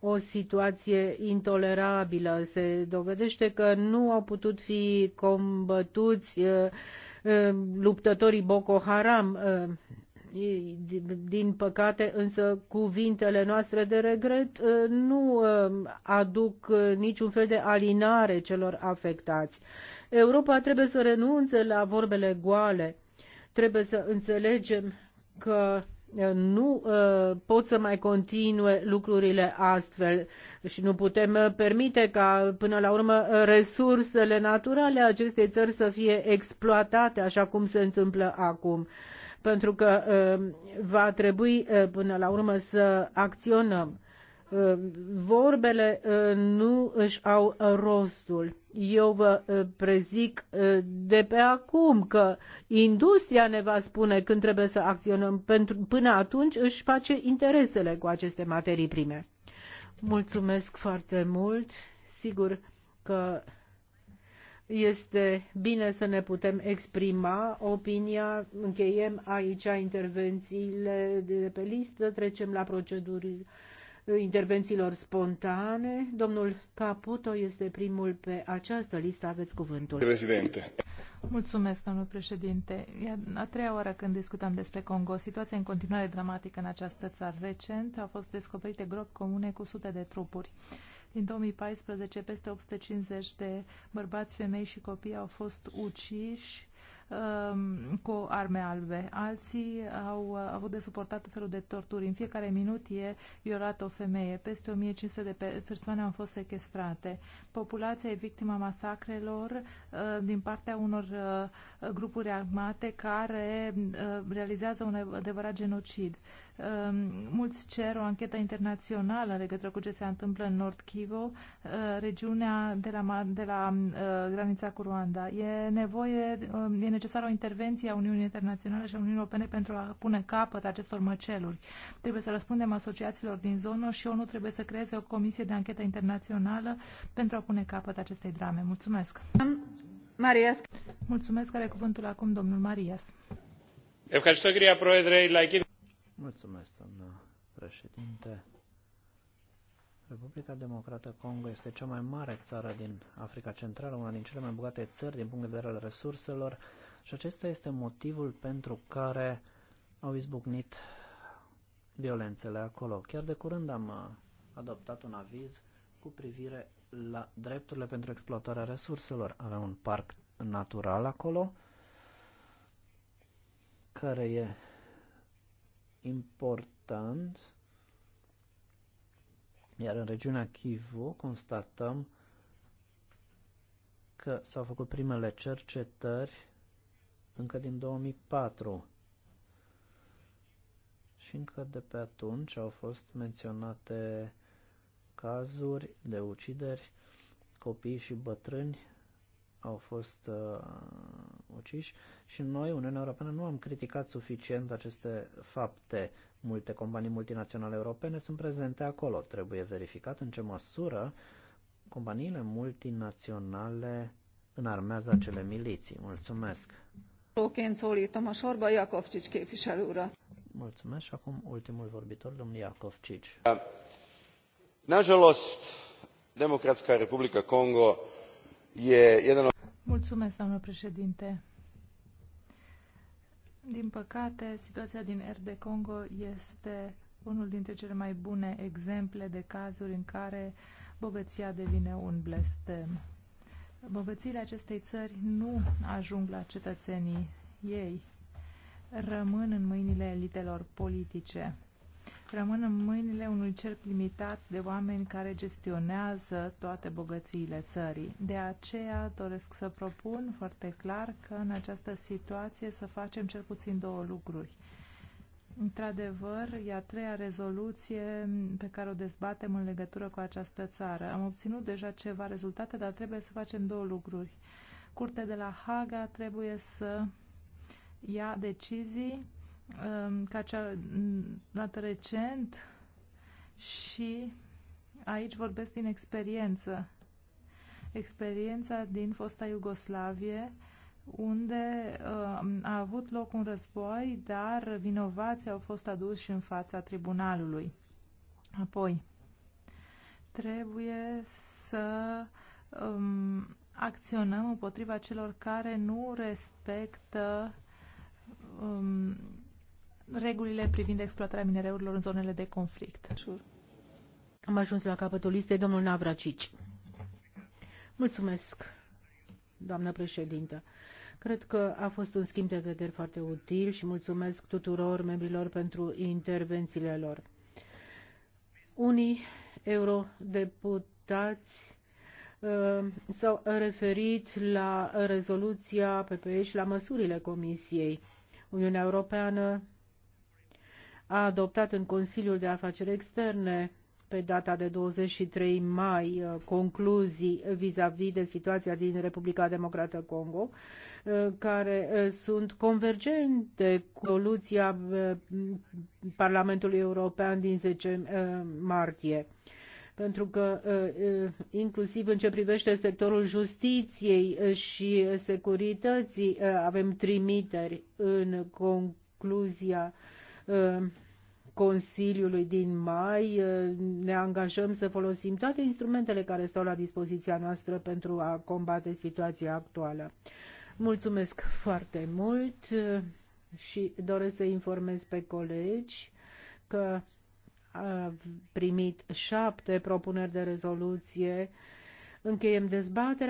o situație intolerabilă. Se dovedește că nu au putut fi combătuți luptătorii Boko Haram din păcate, însă, cuvintele noastre de regret uh, nu uh, aduc uh, niciun fel de alinare celor afectați. Europa trebuie să renunțe la vorbele goale. Trebuie să înțelegem că nu pot să mai continue lucrurile astfel și nu putem permite ca până la urmă resursele naturale acestei țări să fie exploatate așa cum se întâmplă acum pentru că uh, va trebui uh, până la urmă să acționăm. Uh, vorbele nu își au rostul. Eu vă prezic de pe acum că industria ne va spune când trebuie să acționăm. Pentru, până atunci își face interesele cu aceste materii prime. Mulțumesc foarte mult. Sigur că este bine să ne putem exprima opinia. Încheiem aici intervențiile de pe listă, trecem la proceduri intervențiilor spontane. Domnul Caputo este primul pe această listă. Aveți cuvântul. Președinte. Mulțumesc, domnul președinte. E a treia oară când discutăm despre Congo. Situația în continuare dramatică în această țară. Recent au fost descoperite gropi comune cu sute de trupuri. Din 2014, peste 850 de bărbați, femei și copii au fost uciși um, cu arme albe. Alții au uh, avut de suportat felul de torturi. În fiecare minut e violată o femeie. Peste 1500 de pe persoane au fost sequestrate. Populația e victima masacrelor uh, din partea unor uh, grupuri armate care uh, realizează un adevărat genocid. Ehm, mulți cer o anchetă internațională în legătură cu ce se întâmplă în Nord Kivu, eh, regiunea de la, de la eh, granița cu Rwanda. E nevoie, ehm, e necesară o intervenție a Uniunii Internaționale și a Uniunii Europene pentru a pune capăt acestor măceluri. Trebuie să răspundem asociațiilor din zonă și ONU trebuie să creeze o comisie de anchetă internațională pentru a pune capăt acestei drame. Mulțumesc! Marias. Mulțumesc, are cuvântul acum domnul Marias. Ευχαριστώ κυρία Πρόεδρε. Mulțumesc, doamnă președinte. Republica Democrată Congo este cea mai mare țară din Africa Centrală, una din cele mai bogate țări din punct de vedere al resurselor și acesta este motivul pentru care au izbucnit violențele acolo. Chiar de curând am adoptat un aviz cu privire la drepturile pentru exploatarea resurselor. Avem un parc natural acolo care e important. Iar în regiunea Kivu constatăm că s-au făcut primele cercetări încă din 2004 și încă de pe atunci au fost menționate cazuri de ucideri, copii și bătrâni au fost uh, uciși și noi, Uniunea Europeană, nu am criticat suficient aceste fapte. Multe companii multinaționale europene sunt prezente acolo. Trebuie verificat în ce măsură companiile multinaționale înarmează acele miliții. Mulțumesc! Szóként sorba Jakovcsics képviselő Mulțumesc și acum ultimul vorbitor, domnul Iacovcici. Nažalost, Demokratska Republika Congo je jedan od... Mulțumesc, doamnă președinte. Din păcate, situația din RD Congo este unul dintre cele mai bune exemple de cazuri în care bogăția devine un blestem. Bogățiile acestei țări nu ajung la cetățenii ei, rămân în mâinile elitelor politice rămân în mâinile unui cerc limitat de oameni care gestionează toate bogățiile țării. De aceea doresc să propun foarte clar că în această situație să facem cel puțin două lucruri. Într-adevăr, e a treia rezoluție pe care o dezbatem în legătură cu această țară. Am obținut deja ceva rezultate, dar trebuie să facem două lucruri. Curtea de la Haga trebuie să ia decizii Um, ca cea mm, dată recent și aici vorbesc din experiență. Experiența din fosta Iugoslavie, unde um, a avut loc un război, dar vinovații au fost aduși în fața tribunalului. Apoi, trebuie să um, acționăm împotriva celor care nu respectă um, regulile privind exploatarea minereurilor în zonele de conflict. Am ajuns la capătul listei, domnul Navracici. Mulțumesc, doamnă președintă. Cred că a fost un schimb de vederi foarte util și mulțumesc tuturor membrilor pentru intervențiile lor. Unii eurodeputați uh, s-au referit la rezoluția PPE și la măsurile Comisiei. Uniunea Europeană a adoptat în Consiliul de Afaceri Externe pe data de 23 mai uh, concluzii vis-a-vis -vis de situația din Republica Democrată Congo, uh, care uh, sunt convergente cu soluția Parlamentului European din 10 martie pentru că inclusiv în ce privește sectorul justiției și securității avem trimiteri în concluzia Uh, Consiliului din mai uh, ne angajăm să folosim toate instrumentele care stau la dispoziția noastră pentru a combate situația actuală. Mulțumesc foarte mult uh, și doresc să informez pe colegi că a primit șapte propuneri de rezoluție. Încheiem dezbaterea.